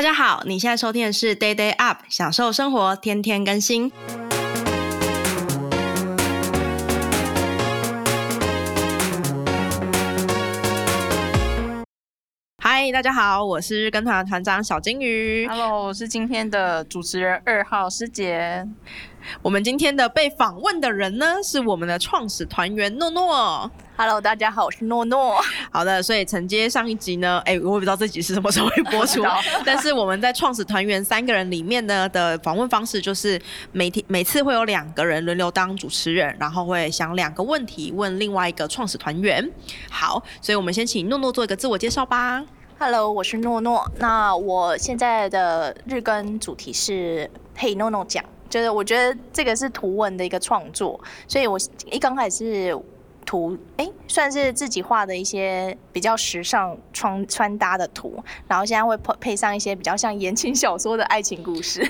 大家好，你現在收聽的是 Day Day Up，享受生活，天天更新。嗨，大家好，我是日更團團長小金魚。Hello，我是今天的主持人二號詩姐。我們今天的被訪問的人呢，是我們的創始團員諾諾。Hello，大家好，我是諾諾。好的，所以承接上一集呢，誒、欸，我也不知道這集是什麼時候會播出， 但是我們在創始團員三個人裡面呢的訪問方式，就是每天每次會有兩個人輪流當主持人，然後會想兩個問題問另外一個創始團員。好，所以我們先請諾諾做一個自我介紹吧。Hello，我是諾諾。那我現在的日更主題是 Hey 諾諾講。就是我覺得這個是圖文的一個創作，所以我一剛開始是圖，哎，算是自己畫的一些比較時尚穿穿搭的圖，然後現在會配配上一些比較像言情小說的愛情故事。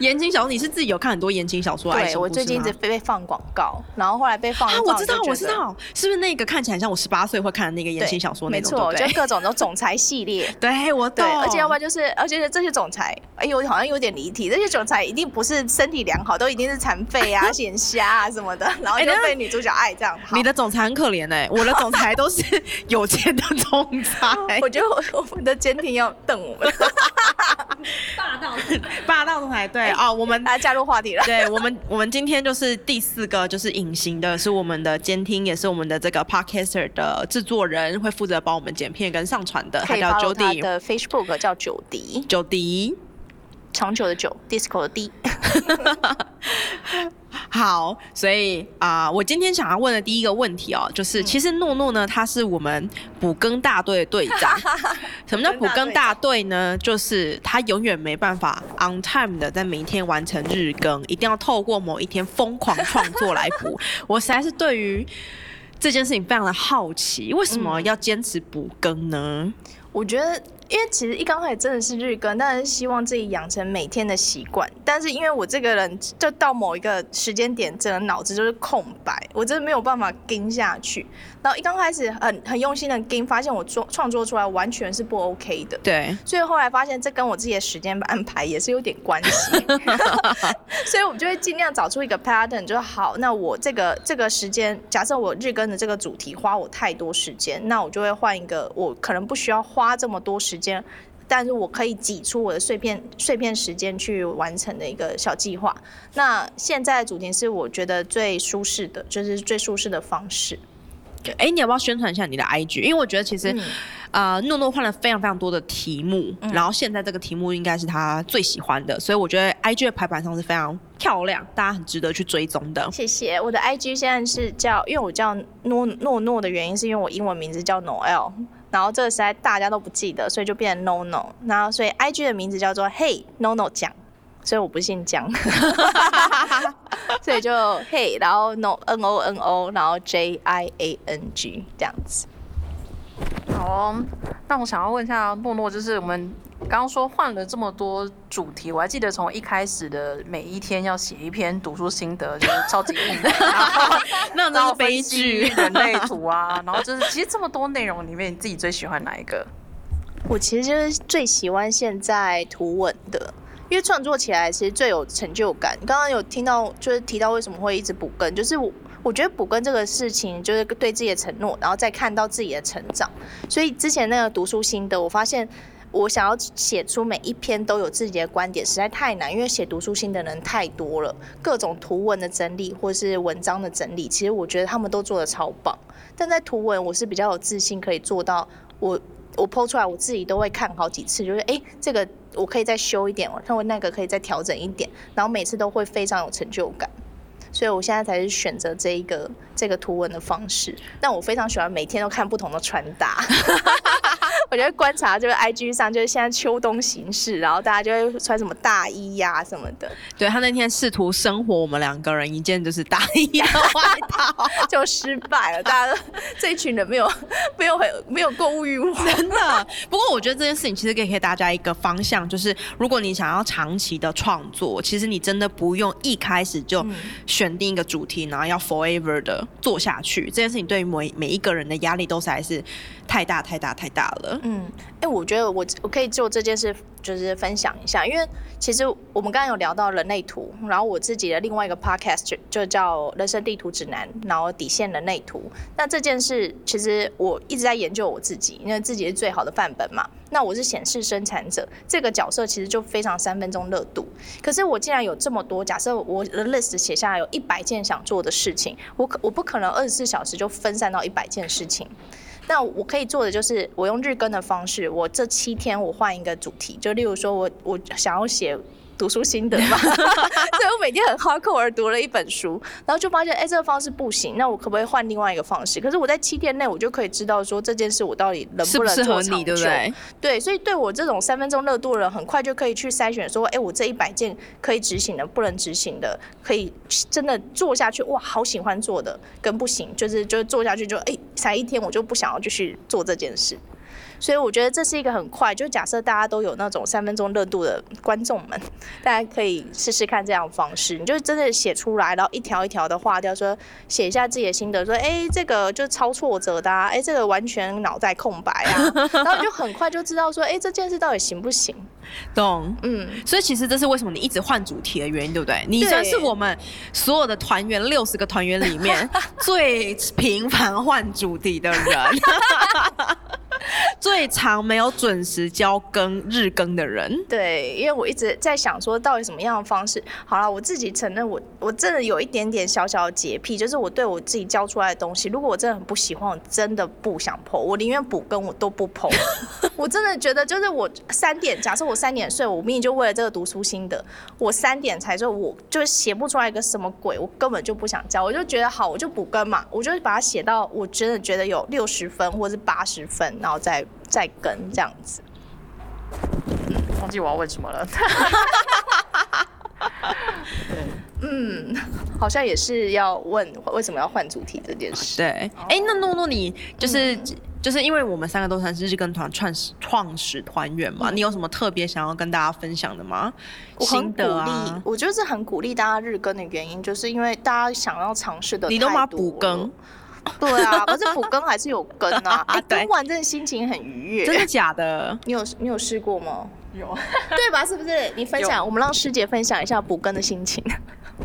言情 小說，你是自己有看很多言情小說啊？對，我最近一直被放廣告，然後後來被放。啊，我知道，我知道，是不是那個看起來像我十八歲會看的那個言情小說那種？沒錯，對就各種都總裁系列。對，我懂對。而且要不然就是，而且是這些總裁，哎、欸、呦，好像有點離題。這些總裁一定不是身體良好，都一定是殘廢啊、顯 瞎啊什麼的，然後一定被女主角愛這樣。欸、好你的總裁很可憐哎、欸，我的總裁都是有錢的總裁。 我覺得我們的監聽要瞪我們。 霸道，霸 道總啊、哦，我們來、 啊、加入話題了。對我們，我們今天就是第四個，就是隱形的，是我們的監聽， 也是我們的這個 Podcaster 的制作人，會負責幫我們剪片跟上傳的，他叫 Jody，他的 Facebook 叫 Jody，Jody，ody 長久的久，disco 的 D。 好，所以啊、呃，我今天想要問的第一個問題哦、喔，就是其實諾諾呢，她是我們補更大隊的隊長。 什麼叫補更大隊呢？ 就是她永遠沒辦法 on time 的在每天完成日更，一定要透過某一天瘋狂創作來補。 我實在是對於這件事情非常的好奇，為什麼要堅持補更呢？我覺得。因為其實一剛開始真的是日更，但是希望自己養成每天的習慣。但是因為我這個人，就到某一個時間點，整個腦子就是空白，我真的沒有辦法跟下去。然後一剛開始很很用心的跟，發現我做創作出來完全是不 OK 的。對。所以後來發現這跟我自己的時間安排也是有點關係。所以我就會儘量找出一個 pattern，就是好，那我這個這個時間，假設我日更的這個主題花我太多時間，那我就會換一個，我可能不需要花這麼多時間，但是我可以擠出我的碎片碎片時間去完成的一個小計劃。那現在的主題是我覺得最舒適的，就是最舒適的方式。哎、欸，你要不要宣傳一下你的 IG？因為我覺得其實，啊、嗯，諾諾換了非常非常多的題目，嗯、然後現在這個題目應該是他最喜歡的，所以我覺得 IG 的排版上是非常漂亮，大家很值得去追蹤的。謝謝，我的 IG 現在是叫，因為我叫諾諾諾的原因是因為我英文名字叫 Noel。然後這個時代大家都不記得，所以就變成 No No，然後所以 I G 的名字叫做 Hey No No 薑。所以我不姓薑， 所以就 Hey，然後 No N O N O，然後 J I A N G 這樣子。好哦，那我想要問一下諾諾，就是我們。剛剛說換了這麼多主題，我還記得從一開始的每一天要寫一篇讀書心得， 就是超級硬的，然 後分析人類圖啊， 然後就是其實這麼多內容裡面，你自己最喜歡哪一個？我其實就是最喜歡現在圖文的，因為創作起來其實最有成就感。剛剛有聽到就是提到為什麼會一直補更，就是我我覺得補更這個事情就是對自己的承諾，然後再看到自己的成長，所以之前那個讀書心得，我發現。我想要寫出每一篇都有自己的觀點，實在太難，因為寫讀書心的人太多了，各種圖文的整理，或者是文章的整理，其實我覺得他們都做得超棒。但在圖文，我是比較有自信可以做到我。我我 po 出來，我自己都會看好幾次，就是哎、欸，這個我可以再修一點，我看我那個可以再調整一點，然後每次都會非常有成就感。所以我現在才是選擇這一個這個圖文的方式，但我非常喜歡每天都看不同的穿搭。 我覺得觀察就是 I G 上就是現在秋冬形式，然後大家就會穿什麼大衣呀、啊、什麼的。對，他那天試圖生活，我們兩個人一件就是大衣、外套 就失敗了。 大家都這一群人沒有沒有沒有購物欲望。真的，不過我覺得這件事情其實可以給大家一個方向，就是如果你想要長期的創作，其實你真的不用一開始就選定一個主題，然後要 forever 的做下去。嗯、這件事情對於每每一個人的壓力都是還是太大太大太大了。嗯，哎、欸，我覺得我我可以做這件事，就是分享一下，因為其實我們剛剛有聊到人類圖，然後我自己的另外一個 podcast 就就叫《人生地圖指南》，然後底線人類圖。那這件事其實我一直在研究我自己，因為自己是最好的範本嘛。那我是顯示生產者這個角色，其實就非常三分鐘熱度。可是我既然有這麼多，假設我的 list 寫下來有一百件想做的事情，我可我不可能二十四小時就分散到一百件事情。那我可以做的就是，我用日更的方式，我這七天我換一個主題，就例如說我，我我想要寫。讀書心得吧， 所以我每天很 hardcore 而讀了一本書，然後就發現，誒、欸，這個方式不行，那我可不可以換另外一個方式？可是我在七天內，我就可以知道說這件事我到底能不能做長久？對，所以對我這種三分鐘熱度的人，很快就可以去篩選說，誒、欸，我這一百件可以執行的，不能執行的，可以真的做下去，哇，好喜歡做的，跟不行，就是就做下去就，哎、欸，才一天我就不想要繼續做這件事。所以我覺得這是一個很快，就假設大家都有那種三分鐘熱度的觀眾們，大家可以試試看這樣的方式，你就真的寫出來，然後一條一條的劃掉說，說寫一下自己的心得說，說、欸、哎這個就是超挫折的、啊，哎、欸、這個完全腦袋空白啊，然後就很快就知道說哎、欸、這件事到底行不行，懂？嗯，所以其實這是為什麼你一直換主題的原因，對不對？你算是我們所有的團員六十個團員裡面 最頻繁換主題的人。 最常沒有準時交更日更的人，對，因為我一直在想說到底什麼樣的方式。好了，我自己承認我我真的有一點點小小的潔癖，就是我對我自己交出來的東西，如果我真的很不喜歡，我真的不想 po，我寧願補更，我都不 po。 我真的覺得就是我三點，假設我三點睡，我明明就為了這個讀書心得，我三點才說，我就寫不出來一個什麼鬼，我根本就不想交，我就覺得好，我就補更嘛，我就把它寫到我真的覺得有六十分或者是八十分，然後。再再，再跟這樣子，嗯，忘記我要問什麼了。 對，嗯，好像也是要問為什麼要換主題這件事。對，哎，哦欸，那諾諾，你就是，嗯，就是因為我們三個都算是日更團創始創始團員嘛，嗯，你有什麼特別想要跟大家分享的嗎？我很鼓，心得啊，我就是很鼓勵大家日更的原因，就是因為大家想要嘗試的，你都把它補更。 對啊，不是補更還是有更啊。啊， 欸，對，補更完真的心情很愉悅。真的假的？你有你有試過嗎？有， 對吧？是不是？你分享，有，我們讓師姐分享一下補更的心情。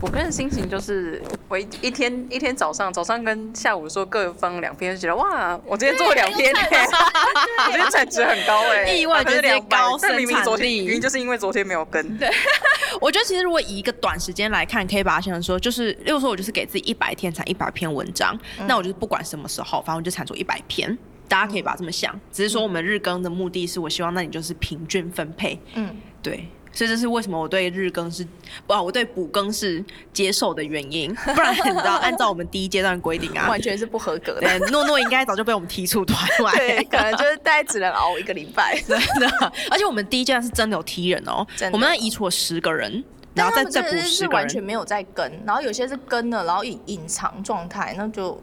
補更的心情就是，我一一天一天早上，早上跟下午說各分兩邊，覺得哇，我今天做了兩篇 值很高哎、欸，意外有點高，是明明昨天已經，明明就是因為昨天沒有更。對， 我覺得其實如果以一個短時間來看，可以把它想成說就是，例如說我就是給自己一百天產一百篇文章，嗯、那我就是不管什麼時候，反正我就產出一百篇，大家可以把它這麼想。只是說我們日更的目的是，我希望，那你就是平均分配。嗯，對。所以這是為什麼我對日更是，不、啊，我對補更是接受的原因。不然你知道，按照我們第一階段的規定啊， 完全是不合格的。諾諾應該早就被我們踢出團外。 對，可能就是大家只能熬一個禮拜。真 的，而且我們第一階段是真的有踢人哦、喔。的我們那移除了十個人，然後再再補十個人。是，是，是完全沒有在跟，然後有些是跟了，然後隱隱藏狀態，那就。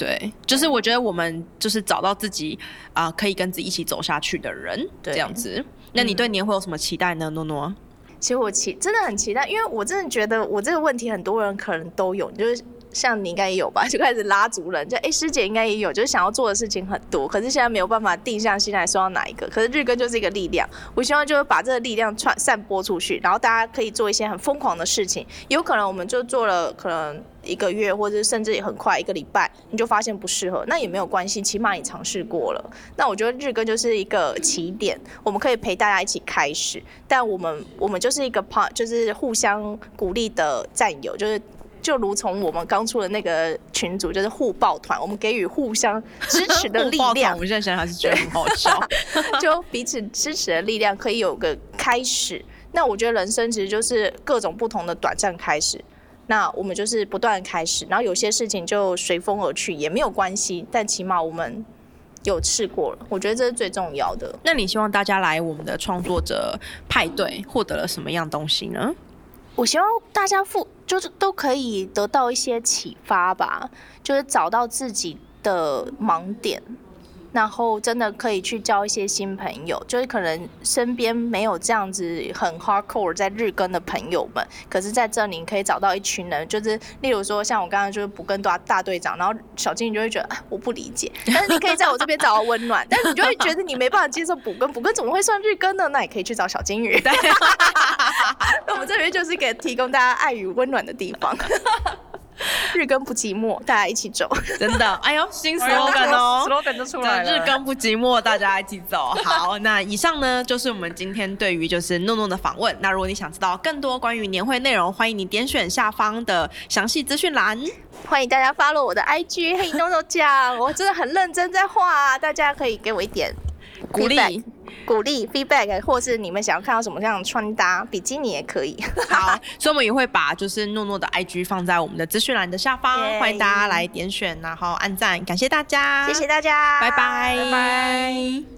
對，就是我覺得我們就是找到自己啊、呃，可以跟自己一起走下去的人，對，這樣子。那你對年會有什麼期待呢？諾諾、嗯，諾諾？其實我期真的很期待，因為我真的覺得我這個問題很多人可能都有，就是。像你應該也有吧，就開始拉族人，就哎、欸，師姐應該也有，就是想要做的事情很多，可是現在沒有辦法定下心來說到哪一個。可是日更就是一個力量，我希望就是把這個力量傳散播出去，然後大家可以做一些很瘋狂的事情。有可能我們就做了可能一個月，或者甚至也很快一個禮拜，你就發現不適合，那也沒有關係，起碼你嘗試過了。那我覺得日更就是一個起點，我們可以陪大家一起開始。但我們我們就是一個 part，就是互相鼓勵的戰友，就是。就如同我們剛出的那個群組，就是互抱團，我們給予互相支持的力量。 我們現在想還是覺得很好笑，對 就彼此支持的力量可以有個開始。那我覺得人生其實就是各種不同的短暫開始，那我們就是不斷開始，然後有些事情就隨風而去也沒有關係，但起碼我們有試過了，我覺得這是最重要的。那你希望大家來我們的創作者派對，獲得了什麼樣東西呢？我希望大家付。就是都可以得到一些啟發吧，就是找到自己的盲點，然後真的可以去交一些新朋友。就是可能身邊沒有這樣子很 hardcore 在日更的朋友們，可是在這裡你可以找到一群人。就是例如說，像我剛剛就是補更大隊長，然後小金魚就會覺得我不理解，但是你可以在我這邊找到溫暖。 但是你就會覺得你沒辦法接受補更，補更怎麼會算日更呢？那也可以去找小金魚。 那我們這邊就是給提供大家愛與溫暖的地方， 日更不寂寞，大家一起走， 真的。哎呦，新 Slogan 哦，Slogan 就出來了。日更不寂寞， 大家一起走。好，那以上呢就是我們今天對於就是諾諾的訪問。那如果你想知道更多關於年會內容，歡迎你點選下方的詳細資訊欄。歡迎大家 follow 我的 IG，嘿，諾諾醬，我真的很認真在畫、啊，大家可以給我一點鼓勵。鼓勵 feedback 或是你們想要看到什麼樣的穿搭，比基尼也可以。好， 所以我們也會把就是諾諾的 IG 放在我們的資訊欄的下方，Yeah. 歡迎大家來點選，然後按讚，感謝大家，謝謝大家，拜拜 bye，拜拜。